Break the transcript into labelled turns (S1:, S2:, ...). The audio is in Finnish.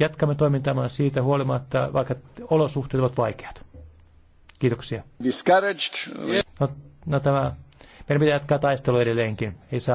S1: Jatkamme toimintaa siitä huolimatta, vaikka olosuhteet ovat vaikeat. Kiitoksia.
S2: Discouraged.
S1: No, no tämä, meidän pitää jatkaa taistelua
S3: edelleenkin. Ei saa